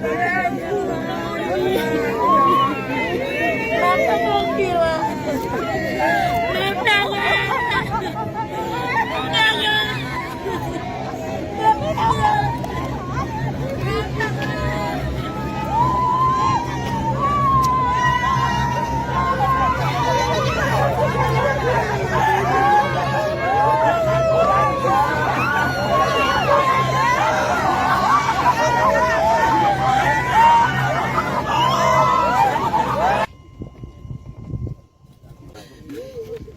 É,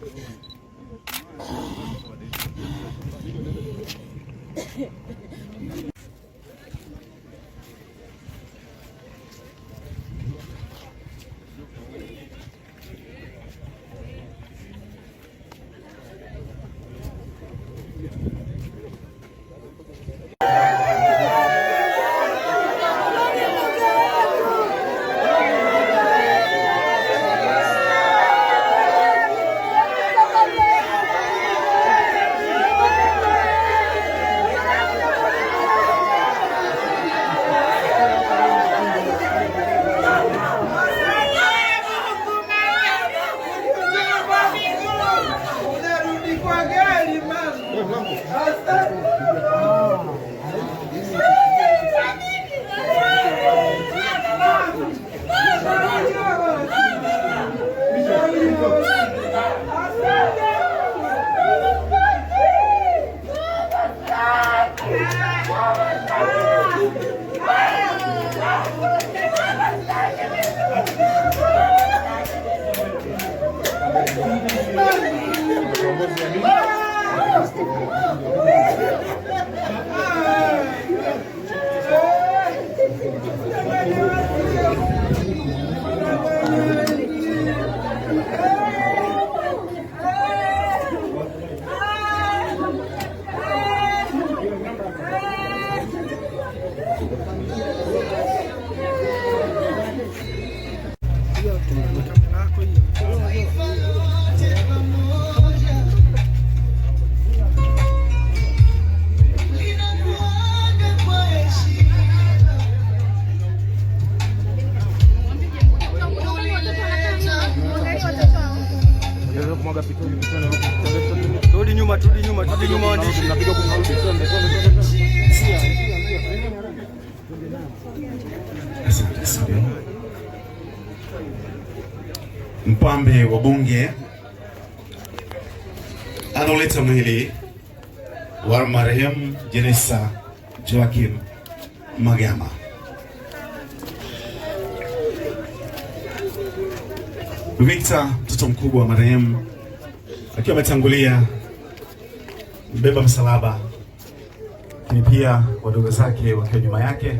Thank you. E caminhar com ele. mwaga pitoni pitoni Turudi nyuma, turudi nyuma, turudi nyuma waandishi. Tunapiga kwa kurudi. Mpambe wa bunge analeta mwili wa marehemu Jenista Joakim Magema. Victor mtoto mkubwa wa marehemu akiwa ametangulia mbeba msalaba, lakini pia wadogo zake wakiwa nyuma yake.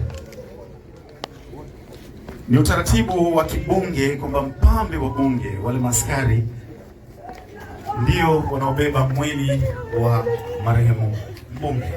Ni utaratibu wa kibunge kwamba mpambe wa bunge, wale maskari ndio wanaobeba mwili wa marehemu mbunge.